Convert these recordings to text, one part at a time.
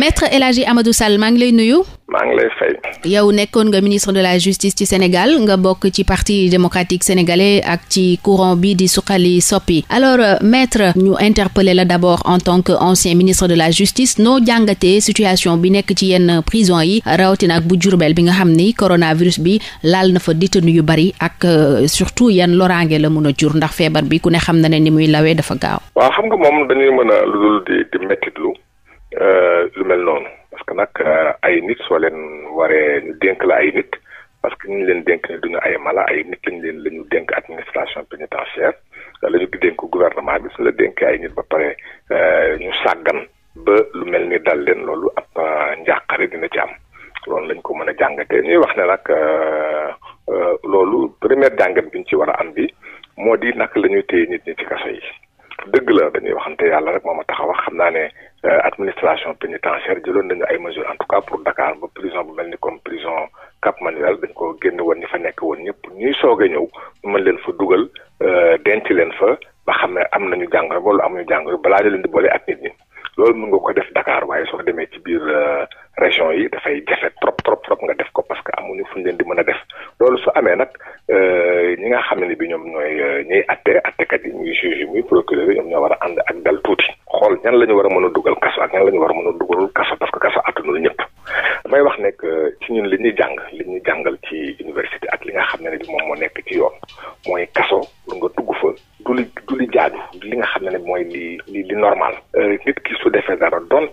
maître El Hadji Amadou Sall maa ngi lay nuyu. maa ngi lay fay. yow nekkoon nga ministre de la justice ci Sénégal nga bokk ci parti démocratique sénégalais ak ci courant bi di suqali soppi alors euh, maître ñu interpeller la d'abord en tant que ancien ministre de la justice noo jàngatee situation bi nekk ci yenn prison yi rawatina ak bu Jurbel bi nga xam ni coronavirus bi laal na fa détenu yu bari ak euh, surtout yan loraange la mun a jur ndax feebar bi ku ne xam na ne ni muy lawee dafa gaaw. Euh, lu mel noonu parce que nag euh, ay nit soo leen waree ñu dénk la ay nit parce que ñu leen dénk ne duñu ay mala ay nit lañ leen la ñu dénk administration pénitentiaire la ñu dénk gouvernement bi su la dénkee ay nit ba pare euh, ñu sàggan ba lu mel ni dal leen loolu ab njàqare dina ci am loolu lañ ko mën a jàngatee ñuy wax ne nag loolu première jàngat bi ñu ci war a am bi moo di naka la ñuy nit ñi ci kaso fa ba xam ne am nañu jàngoro wala amuñu jàngoro balaa ñu leen di boole ak nit ñi loolu mën nga ko def Dakar waaye soo demee ci biir euh, région yi dafay jafe trop trop nga def ko parce que amuñu fu ñu leen di mën a def loolu su amee nag euh, ñi nga xam ne bi ñoom ñooy euh, ñiy atte attekat yi muy juge yi muy procureur yi ñoom ñoo war a ànd ak dal tuuti xool ñan la war a mën a dugal kaso ak ñan la ñu war a mën a dugal kaso parce que kaso attanul ñëpp damay wax nekk ci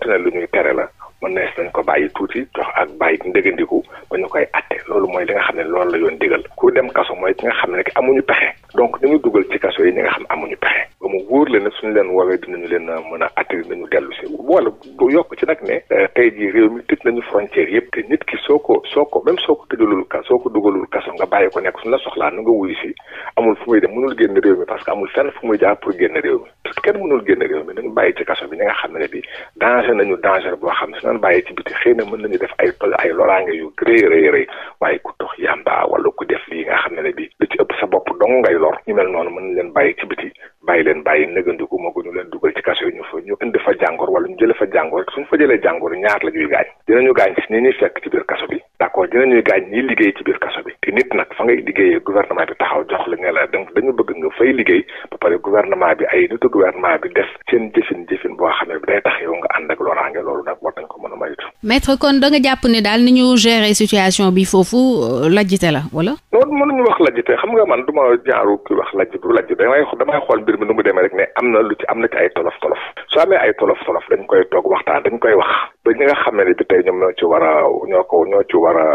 donte ne lu ñuy tere la mën nees nañ ko bàyyi tuuti jox ak bàyyi ndégandiku ba ñu koy atte loolu mooy li nga xam ne loolu la yoon digal ku dem kaso mooy ki nga xam ne ki pexe donc dañu dugal ci kaso yi ñi nga xam amuñu pexe ba mu wóor la ne suñu leen woowee dinañu leen euh, mën a atte dinañu dellu si wala yokk ci nag ne euh, tey jii réew mi tëj nañu frontière yëpp te nit ki soo ko soo ko même soo ko tëjalul kaso soo ko dugalul kaso nga bàyyi ko nekk suñu soxlaa nu si amul fu muy dem mënul génn réew mi parce que amul fenn fu muy jaar pour génn réew mi kenn mënul génn réew mi nañu bàyyi ci kaso bi ñi xam ne bi danger nañu danger boo xam su naan bàyyi ci biti xëy na mën nañu def ay loraange yu rëy rëy rëy waaye ku tox yàmba wala ku def lii nga xam ne bi li ci ëpp sa bopp dong ngay lor ñu mel noonu mën nañ leen bàyyi ci biti bàyyi leen bàyyi nëgandiku ko ñu leen dugal ci kaso yi ñu fa ñu indi fa jàngoor wala ñu jële fa jàngoor suñu fa jëlee jàngoor ñaar la ñuy gaañ dinañu gaañ ko dinañuy gaañ ñi liggéey ci biir kaso bi te nit nag fa ngay liggéeyee gouvernement bi taxaw jox la ne la donc dañu bëgg nga fay liggéey ba pare gouvernement bi ay nitu gouvernement bi def seen jëfin jëfin bi day tax yow nga ànd loolu a maytu maître kon da nga euh, la wala mënuñu wax lajjite xam nga man du ma jaaru ki wax lajj du lajj damay damay xool mbir mi nu mu demee rek ne am na lu ci am na ci ay tolof tolof soo amee ay tolof tolof dañ koy toog waxtaan dañ koy wax ba ñi xam ne bi tey ñoom ñoo ci war ñoo ko ñoo ci war a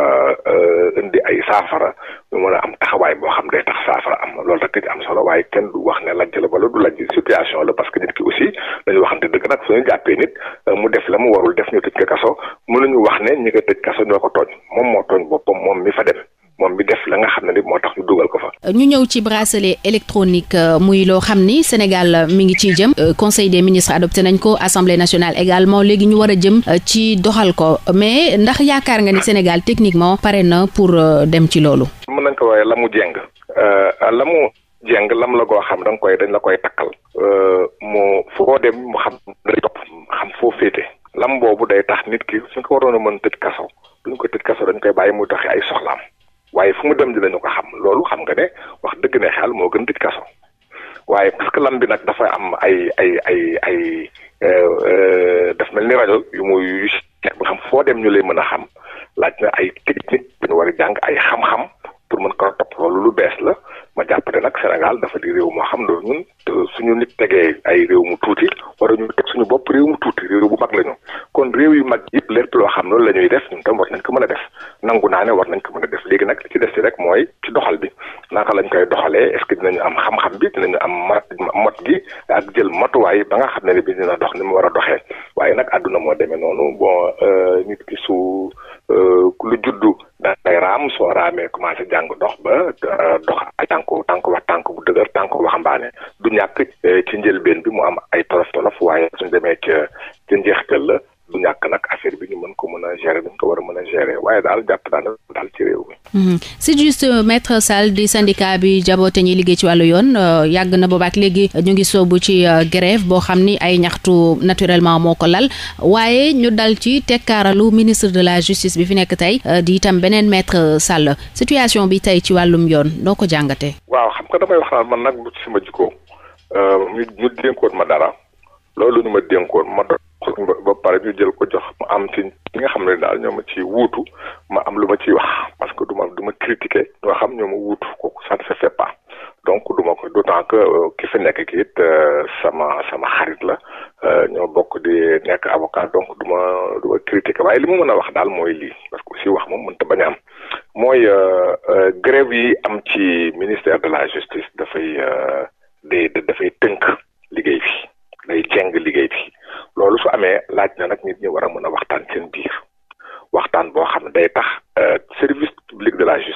euh, indi ay saafara ñu mën a am taxawaay boo xam day tax saafara am lool rek ci am solo waaye kenn du wax ne lajj la wala du lajj situation la parce que nit ki aussi dañu waxante dëgg nag suñu jàppee nit euh, mu def la mu warul def ñu tëj ko kaso ñu wax ne ñi ko tëj kaso ñoo ko tooñ moom moo tooñ boppam moom mi fa dem moom mi def la nga xam ne ni moo tax ñu dugal ko fa. ñu ñëw ci bracelet électronique euh, muy loo xam ni Sénégal euh, mi ngi ci jëm euh, conseil des ministres adopté nañ ko assemblée nationale également léegi ñu war a jëm ci doxal ko mais ndax yaakaar nga ni Sénégal techniquement pare na pour dem ci loolu. mën nañ ko waaye la mu jeng la mu jeng lam la goo xam da koy dañ la koy takkal. mu foo dem mu xam day topp xam foo féete. lam boobu day tax nit ki suñ ko waroon a mën koy bàyyi muy waaye fu mu dem dinañu ko xam loolu xam nga ne wax dëgg ne xel moo gën tëj kaso waaye parce que lam bi nag dafa am ay ay ay def euh, euh, daf mel ni rajo yu muy yu xam foo dem ñu lay mën a xam laaj na ay teg dëgër tànk waxambaane du ñàkk eh, ci njëlbeen bi mu am ay tolof tolof waaye suñ demee ca ca njeextal la waaye daal jàpp naa ne daal ci réew mi. Mhm. c'est juste euh, maître Sall di syndicat bi jaboote ñi liggéey ci wàllu yoon euh, yàgg na boobaak léegi ñu ngi soobu ci euh, grève boo xam ni ay ñaxtu naturellement moo ko lal waaye ñu dal ci tekkaaralu ministre de la justice bi fi nekk tey di itam beneen maître Sall situation bi tey ci wàllum yoon noo ko jàngatee. waaw xam nga damay wax naan man nag lu ci sama jikko ñu dénkoon ma dara loolu ñu ma dénkoon ba pare ñu jël ko jox ma am ci li nga xam ne daal ñoo ma ci wuutu ma am lu ma ciy wax parce que du ma du ma critiquer ñoo xam ñoo ma wuutu kooku ça ne se fait pas donc du ma ko d'autant que euh, ki fi nekk ki it euh, sama sama xarit la euh, ñoo bokk di nekk avocat du ma du critiquer waaye li ma mën a wax daal mooy lii parce que aussi wax moom mënta bañ a am mooy grève yi am ci ministère de la justice dafay day dafay tënk liggéey bi day jeng liggéey bi loolu su amee laaj na nag nit ñi war a mën a waxtaan seen biir waxtaan boo xam ne day tax euh, service public de la justice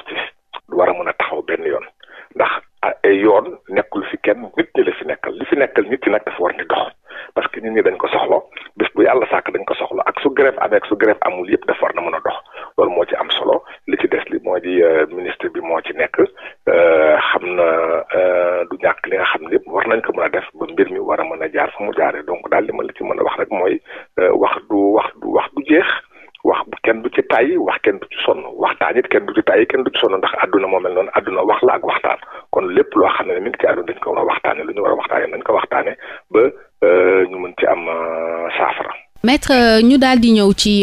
loolu lépp loo xam ne nit ki àdduna dañ ko war waxtaane lu ñu war waxtaane ba euh, ñu mën ci am euh, saafara. maître euh, ñu daal di ñëw ci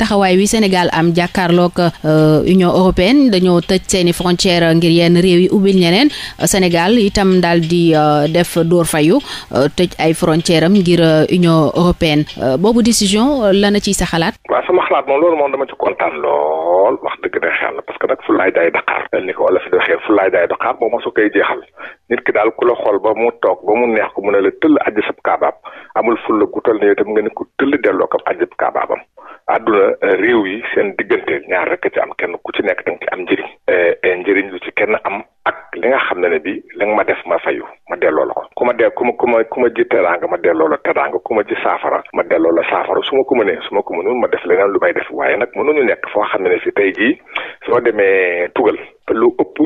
taxawaay wi Sénégal am jàkkaarloog Union européenne dañoo tëj seeni frontière ngir yenn réew yi ubbil ñeneen Sénégal itam daal di def dóor fayu tëj ay frontière am ngir Union européenne boobu décision la ci sa xalaat. xalaat moom loolu moom dama ci kontaan lool wax dëgg de xel parce que nag fu laay jaay ni ko wala fi waxee fu laay jaay Dakar moom mosu koy jeexal nit ki daal ku la xool ba mu toog ba mu neex ko mu ne la tëll ajji sab kaabaab amul ful la gutal ne itam nga ne ko tëll delloo ko ajji euh, yi seen diggante ñaar rek ci am kenn ku ci nekk danga ci am njëriñ euh, njëriñ lu ci kenn am ak li nga xam ne ne bi la ma def ma fayu ma delloo la ku ma de ku ma ku ma ku ma ji teraanga ma delloo la teraanga ku ma ji saafara ma delloo la saafara su ma ko mënee su ma ko mënul ma def leneen lu may def waaye nag mënuñu nekk foo xam ne si tey jii soo demee tugal lu ëpp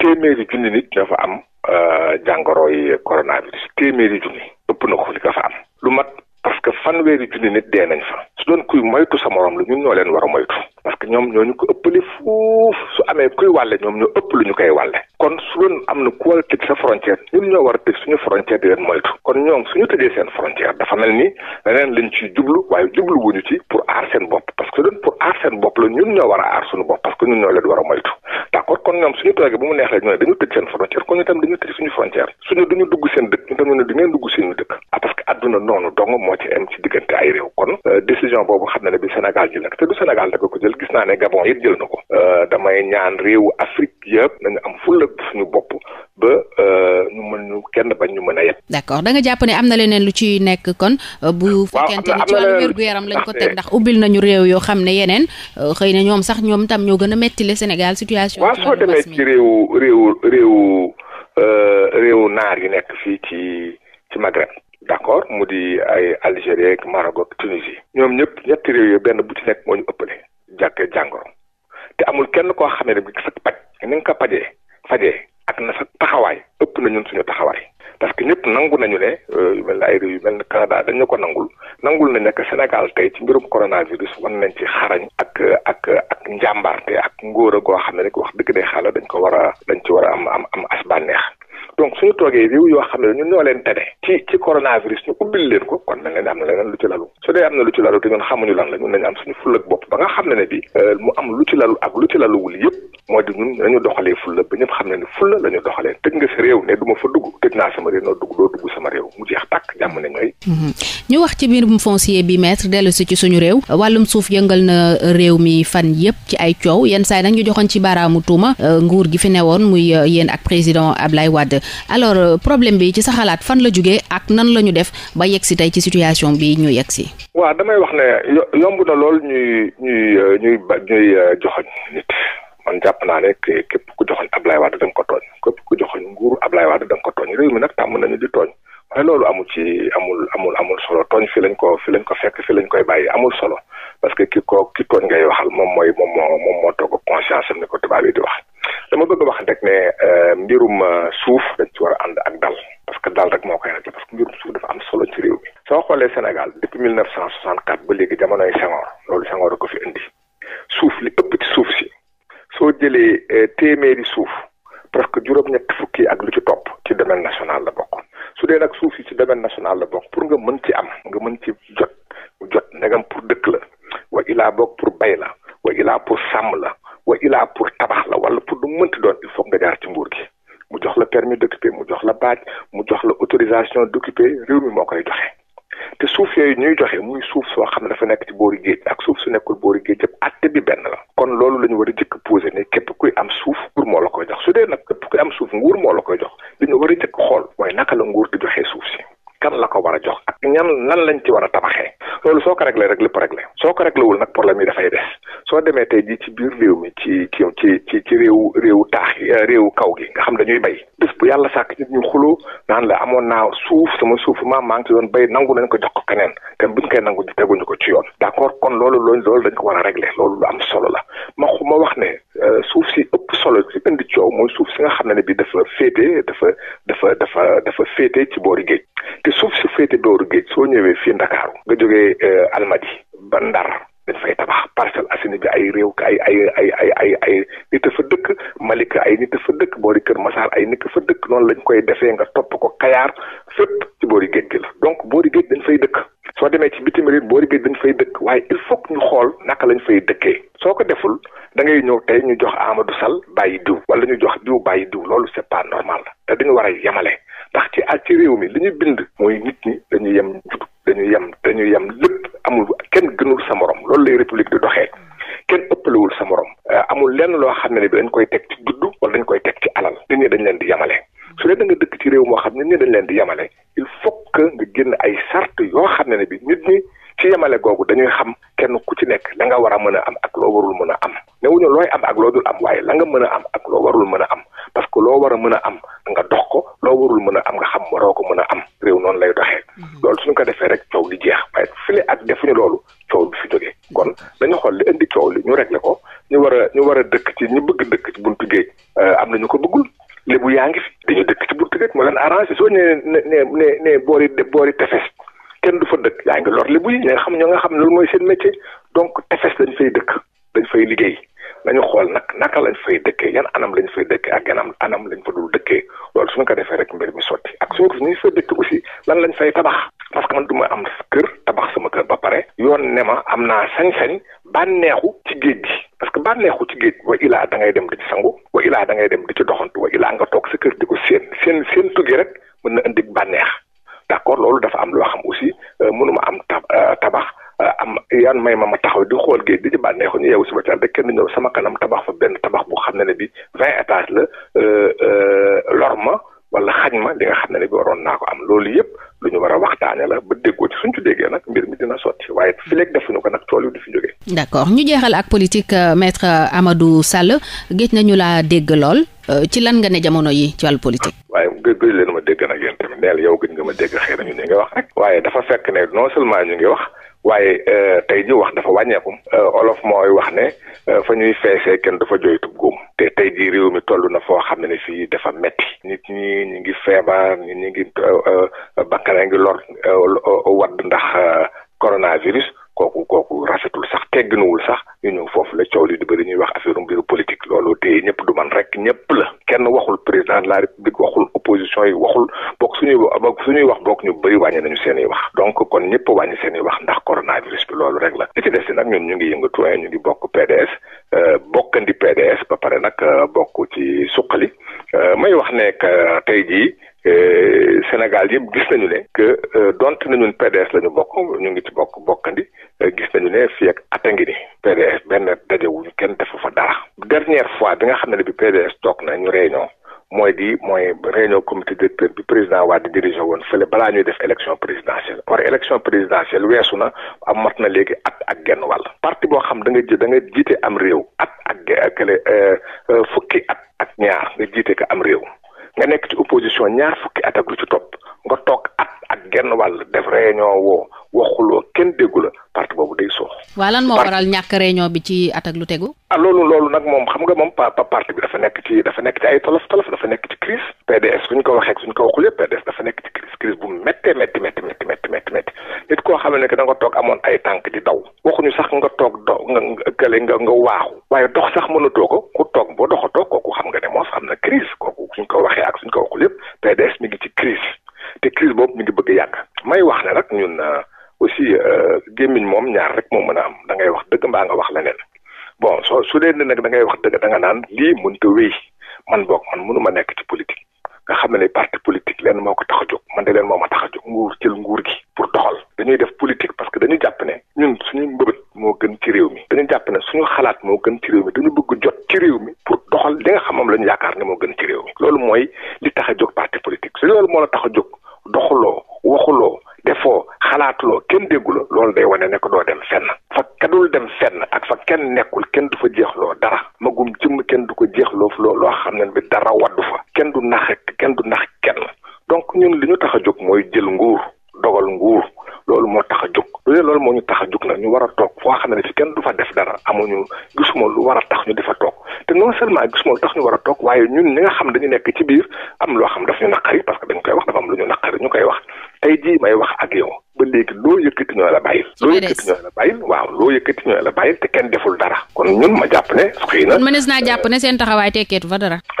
téeméeri junni nit fa am euh, jàngoro yi coronavirus téeméeri junni ëpp na ko li ko fa am lu mat parce que fanweeri junni nit dee nañ fa su doon kuy moytu sa morom lu ñun ñoo leen war a moytu parce que ñoom ñoo ñu ko ëppale fuuf su amee kuy wàlle ñoom ñoo ëpp lu ñu koy wàlle kon su doon am na ku war a tëj sa frontière ñun ñoo war a tëj suñu frontière di leen moytu kon ñoom suñu tëjee seen frontière dafa mel ni leneen lañ ciy jublu waaye jublu wuñu ci pour aar seen bopp parce que doon pour aar seen bopp la ñun ñoo war a aar suñu bopp parce que ñun ñoo leen war a moytu d'accord kon ñoom suñu toogee bu mu neex la dañu tëj seen frontière kon ñu tam dañu tëj suñu frontière suñu ñu du ngeen dugg suñu dëkk àdduna noonu dong moo ci am ci diggante ay réew kon euh, décision boobu xam na ne bi Sénégal jël nag te du Sénégal dafa ko jël gis naa ne Gabon it jël na ko euh, damay ñaan réewu Afrique yëpp nañu am fulla suñu bopp ba euh, ñu kenn bañ ñu mën a yet d'accord da jàpp ne am na leneen lu ci nekk kon bu fekkente ni ci wàllu wérgu yaram lañ ko teg ndax ubbil réew yoo xam ne yeneen xëy na ñoom sax ñoom tam ñoo gën a metti le Sénégal situation waaw demee ci réewu réewu réewu réewu naar yi nekk fii ci ci Maghreb d'accord mu di ay Algérie ak Maroc ak Tunisie ñoom ñëpp ñetti réew yooyu benn bu ci nekk moo ñu ëppale jàkkee jàngoro te amul kenn koo xamee ne bi sa paj ni nga ko pajee fajee ak na sa taxawaay ëpp na ñun suñu taxawaay parce que ñëpp nangu nañu ne euh, yu mel ne ay réew yu mel ne Canada dañu ko nangul nangul nañ nekk Sénégal tey ci mbirum coronavirus wan nañ ci xarañ ak ak ak njàmbaarte ak ngóor a goo xam ne rek wax dëgg de xaala dañ ko war a dañ ci war a am am am as bànneex donc suñu toogee réew yoo xam ne ñun ñoo leen tene ci ci coronavirus ñu ubbil leen ko kon mel na ne am na leneen lu ci lalu su dee am na lu ci lalu te ñun xamuñu lan la nañu am suñu fulla bopp ba nga xam ne ne bi euh, mu am lu ci lalu ak lu ci laluwul yëpp moo di ñun nañu doxalee fulla ba ñëpp xam ne ne fulla la doxalee tëj nga sa réew ne du ma fa dugg tëj naa sama réew mhm. ci mbirum foncier bi maître dellu si na euh, réew mi fan yëpp ci ay coow yenn saay nag ñu joxoon ci baaraamu tuuma euh, nguur gi fi newoon muy yéen ak président Ablaye Wade alors problème bi ci sa xalaat jàppale ak nan la ñu def ba yegg si tey ci situation bi ñu yegg si. waaw damay wax ne yomb na lool ñuy ñuy euh, ñuy ñuy euh, joxoñ nit man jàpp naa ne képp ku joxoñ Ablaye Wade da ko tooñ képp ku joxoñ nguuru Ablaye Wade da nga ko tooñ réew mi nag tàmm nañu di tooñ waaye loolu amu ci amul amul amul solo tooñ fi lañ ko fi lañ ko fekk fi lañ koy bàyyi amul solo parce que ki ko ki tooñ ngay waxal moom mooy moom moo moom moo toog conscience am ni ko tubaab yi di wax dama bëgg wax rek ne euh, mbirum suuf dañ ci war a ànd ak dal daal rek moo koy réglé parce que suuf dafa am solo ci réew mi. soo xoolee Sénégal depuis 1964 ba léegi jamonoy Senghor loolu Senghor a ko fi indi suuf li ëpp ci suuf si soo jëlee euh, téeméeri suuf presque juróom-ñett fukki ak lu ci topp ci domaine national la bokk su dee nag suuf yi ci domaine national la bokk pour nga mën ci am nga mën ci jot jot ndegam pour dëkk la wa ilaa bokk pour bay la wa ilaa pour sàmm la wa ilaa pour tabax la wala pour du mënti doon il faut nga jaar ci nguur gi mu jox la permis dëkk la baaj mu jox la autorisation d'occuper réew mi moo koy joxe te suuf yee ñuy joxe muy suuf soo xam ne dafa nekk ci boori géej ak suuf su nekkul boori géej bi benn la kon loolu lañu ñu war jëkk posé ne képp kuy am suuf nguur moo la koy jox su dee nag képp kuy am suuf nguur moo la koy jox li ñu war a jëkk xool mooy naka la nguur di joxe suuf si kan la ko war a jox ak ñan nan lañ ci war a tabaxee loolu soo ko reglee rek lépp réglé soo ko réglé wul nag problème yi dafay des soo demee tey jii ci biir réew mi ci ci ci ci réew réewu taax euh, réewu kaw gi nga xam dañuy bay bés yàlla sàkk nit ñu xuloo naan la amoon naa suuf sama suuf maam maa ngi ci doon bay nañ ko jox ko keneen te buñ koy nangu teguñu ko ci yoon d'accord kon loolu loolu loolu dañ ko war a réglé loolu lu am solo la ma ma wax ne euh, suuf si ëpp solo si indi coow mooy suuf si nga xam ne bi dafa féete dafa dafa dafa dafa féete ci boori géej féete booru géej soo ñëwee fii Ndakaaru nga jógee euh, Almadi ba Ndar dañ fay tabax Parcelles Assainies bi ay réew ay ay ay ay ay ay nit a fa dëkk Malika ay nit a fa dëkk boori Kër Masaar ay nit a fa dëkk noonu lañ koy defee nga topp ko Kayaar fépp ci boori géej gi la donc boori géej dañ fay dëkk soo demee ci bitim réew boori géej dañ fay dëkk waaye il faut que ñu xool naka lañ fay dëkkee soo ko deful da ngay ñëw tey ñu jox Amadou Sall bàyyi diw wala ñu jox diw bàyyi diw loolu c'est pas ndax ci ak ci réew mi li ñu bind mooy nit ñi dañu yem njub dañu yem dañu yem lépp amul kenn gënul sa morom loolu lay république di doxee kenn ëppalewul sa morom euh, amul lenn loo xam ne bi dañ koy teg ci juddu wala dañ koy teg ci alal nit ñi dañ leen di yemale su dee da nga dëkk ci réew moo xam ne nit ñi dañ leen di yemale il faut que nga génn ay sart yoo xam ne bi nit ñi ci yemale googu dañuy xam kenn ku ci nekk la nga war a mën a am ak loo warul mën a am newuñu looy am ak loo dul am waaye la nga mën a am ak loo warul mën a am parce que loo war a mën a am nga dox ko loo warul mën a am nga xam waroo ko mën a am réew noonu lay doxee mhm. loolu suñu ko defee rek coow li jeex waaye file ak defuñu loolu coow bi fi jógee kon dañu xool li indi coow li ñu réglé ko ñu war ñu war a dëkk ci ñu bëgg dëkk ci buntu géej euh, am ñu ko bëggul lébu yaa ngi fi dañu dëkk ci buntu géej ne ne ne boori boori yi ñi nga ñoo nga xam ne loolu mooy seen métier donc tefes lañ fay dëkk dañ fay liggéey nañu xool nag naka lañ fay dëkkee yan anam lañ fay dëkkee ak yan anam lañ fa dul dëkkee loolu suñu ko defee rek mbir mi sotti ak suñu ko ñu fay dëkk aussi lan lañ fay tabax parce que man du ma am kër tabax sama kër ba pare yoon ne ma am naa sañ-sañ bànneexu ci géej gi parce que bànneexu ci géej wa ilaa da ngay dem di ci sangu wa ilaa dangay dem di ci doxantu wa ilaa nga toog sa kër ko séen seen seen tugi rek mën na indi bànneex d'accord loolu dafa am loo xam aussi euh, mënuma am euh, tabax euh, am yan may ma ma taxaw di xool géej di ci bànneexu ñu yeewu suba teel rek kenn ñëw sama kanam tabax fa benn tabax bu xam na ne bi vingt étages la lor ma wala xañ ma li nga xam ne ne bi waroon naa ko am loolu yëpp lu ñu war a waxtaane la ba déggoo ci suñ ci déggee nag mbir mi dina sotti waaye fi léegi defuñu ko nag tool yi du fi jógee. d'accord ñu jeexal ak politique maître Amadou Sall géej nañu laa dégg lool ci lan nga ne jamono yi ci wàllu neel yow gën nga ma dégg xëy na wax rek waaye dafa fekk ne non seulement ñu ngi wax waaye euh, tey ji wax dafa wàññeeku. Euh, olof mooy wax ne euh, fa ñuy feese kenn dafa jooytub góom te tey jii réew mi toll na foo xam ne fii dafa metti nit ñi ñu ngi feebar ñi ñu ngi bakkana ngi lor wadd ndax coronavirus kooku kooku rafetul sax tegginuwul sax ñu ñëw foofu la coow li di bëri ñuy wax affaire mbiru politique loolu te ñëpp du man rek ñëpp la kenn waxul président de la république waxul opposition yi waxul suñuy suñuy wax bokk ñu bëri wàññi nañu seen i wax donc kon ñëpp wàññi seen i wax ndax coronavirus bi loolu rek la li ci des nag ñun ñu ngi yëngatu ñu ngi bokk PDS euh, bokkandi ba pare nag euh, bokk ci suqali euh, may wax ne tey jii Sénégal yëpp gis nañu ne que donte na ñun PDS la ñu bokk ñu ngi ci bokk bokkandi gis nañu ne fii ak ngi ni PDS benn dajewuñu kenn defu fa dara dernière fois bi nga xam ne bi PDS toog na ñu réunion mooy di mooy réunion comité directeur bi président waa di diriger woon fële balaa ñuy def élection présidentielle or élection présidentielle weesu na am mat na léegi at ak genn wàll parti boo xam da nga ji da nga jiite am réew at ak kële euh, euh, fukki at ak ñaar nga jiite ko am réew nga nekk ci opposition ñaar fukki at ak lu ci topp nga toog at ak genn wàll def réunion woo waxuloo kenn déggu la parti boobu day soox. waa lan moo waral ñàkk réunion bi ci at lu tegu. ah loolu loolu nag moom xam nga moom pa parti bi dafa nekk ci dafa nekk ci ay tolof tolof dafa nekk ci crise PDS suñ ko waxee suñ ko waxul yëpp dafa nekk ci crise crise bu méttee métti métti métti métti métti nit koo xam ne que da nga toog amoon ay tànk di daw waxuñu sax nga toog do nga gële nga nga waaxu waaye dox sax mënatoo ko ku toog boo doxatoo kooku xam nga ne moom am na crise kooku suñ ko dee ne nag da ngay wax dëgg nga naan lii mënut a wéy man boog man mënu ma nekk ci politique nga xam ne parti politique leen moo ko tax a jóg man de leen moo ma tax a jóg nguur jël nguur gi pour doxal dañuy def politique parce que dañu jàpp ne ñun suñu mbëbët moo gën ci réew mi dañu jàpp ne suñu xalaat moo gën ci réew mi dañu bëgg jot ci réew mi pour doxal li nga xamam lañu yaakaar ne moo gën ci réew mi loolu mooy li tax a jóg parti politique su loolu moo la tax a jóg doxuloo waxuloo defoo xalaatuloo kenn déggu loolu day wane ne ko doo dem fenn domaine bi dara waddu fa kenn du nax kenn du nax kenn donc ñun li ñu tax a jóg mooy jël nguur dogal nguur loolu moo tax a jóg lu dee loolu moo ñu tax a jóg nag ñu war a toog foo xam ne fi kenn du fa def dara amuñu gisuma lu war a tax ñu defa toog te non seulement gisuma lu tax ñu war a toog waaye ñun ñi nga xam dañu nekk ci biir yëkkati ñoo la bàyyil loo yëkkati ñoo la bàyyil waaw loo yëkkati ñoo la bàyyil te kenn deful dara kon ñun ma jàpp ne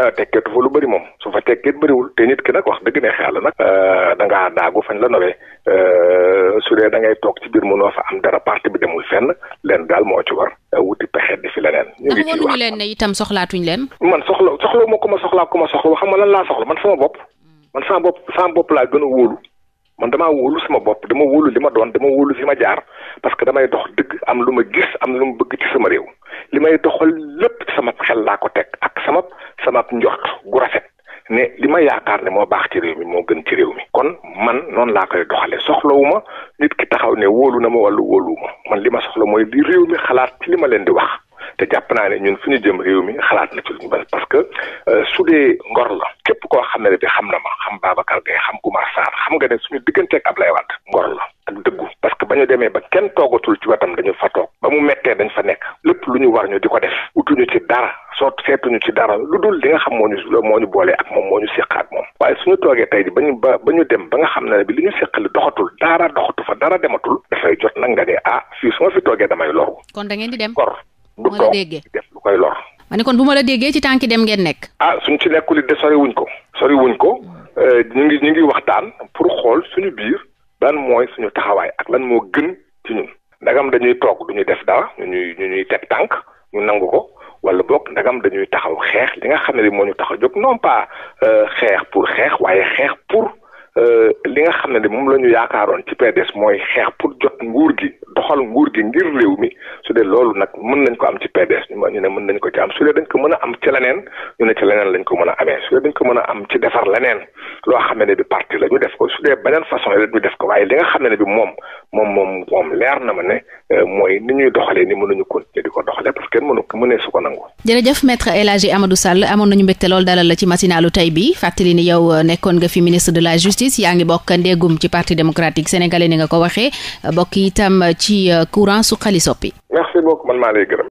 euh, ah, su fa tekkeet bëriwul te nit ki nag wax dëgg ne xeala nag euh, da ngaa daagu fañ la nowee euh, su dee da ngay toog ci biir mu mënoo fa am dara parti bi demul fenn leen daal moo ci war wuti pexe di fi leneen ñu ngi ci wax leen ne itam soxlaatuñ leen man soxla soxla ma ko ma soxlaa ko ma soxla xam nga lan laa soxla man sama bopp mm. man sama bopp sama bopp laa gën a wóolu man damaa wóolu sama bopp dama wóolu li ma doon dama wóolu fi ma jaar parce que damay dox dëgg am lu ma gis am lu ma bëgg ci sama réew li may doxal lépp sama xel laa ko teg ak sama sama njort gu rafet ne li ma yaakaar ne moo baax ci réew mi moo gën ci réew mi kon man noonu laa koy doxalee soxlawuma nit ki taxaw ne wóolu na ma wala wóoluwuma man li ma soxla mooy li réew mi xalaat ci li ma leen di wax te jàpp naa ne ñun fu ñu jëm réew mi xalaat na ci lu ñu bëri parce que euh, su dee ngor la képp koo xam ne bi xam na ma xam Babacar Gueye xam Oumar Sarr xam nga ne suñu digganteeg Ablaye Wade ngor la ak dëggu parce que ba ñu demee ba kenn toogatul ci wetam dañu fa toog ba mu mettee dañ fa nekk lépp lu ñu war ñu di ko def utuñu ci dara seetuñu ci dara lu dul li nga xam moo ñu moo ñu boolee ak moom moo ñu séq ak moom waaye suñu toogee tey ba ñu ba ba ñu dem ba nga xam ne bi li ñu séqali doxatul dara doxatu fa dara dematul dafay jot nag nga ne ah fii su fi toogee damay loru kon da di dem du toog di def lu koy lor. ma ne kon bu ma la déggee ci tànki dem ngeen nekk. ah suñ ci nekkul it de sori wuñ ko. sori wuñ ko euh, ñu ngi ñu ngi waxtaan pour xool suñu biir lan mooy suñu taxawaay ak lan moo gën ci ñun. ndagam dañuy toog du ñu def dara ñu ñuy ñu ñuy teg tànk ñu nangu ko wala boog ndagam dañuy taxaw xeex li nga xam ne di moo ñu tax a jóg non pas euh, xeex pour xeex waaye xeex pour. Euh, li nga xam ne moom la ñu yaakaaroon ci PDS mooy xeex pour jot nguur gi doxal nguur gi ngir léew mi su dee loolu nag mën nañ ko am ci PDS ñu ne mën nañ ko ci am su dee dañ ko mën a am ci leneen ñu ne ci leneen lañ ko mën a amee su dee dañ ko mën a am ci defar leneen loo xam ne bi parti la ñu def ko su dee beneen façon la ñu def ko waaye li nga xam ne bi moom moom moom moom leer na ma ne euh, mooy ni ñuy doxalee ni mënuñu continuer di ko doxalee parce que kenn mënu ko mënee su ko nangu. jërëjëf maître El Hadji Amadou Sall amoon nañu mbégte lool dalal la ci matinalu tey bi fàttali ni yow euh, nekkoon nga fi ministre de la justice yaa ngi bokk ndéegum ci parti démocratique sénégalais ni nga ko waxee bokk itam ci euh, courant su xali soppi. merci beaucoup man maa lay gërëm.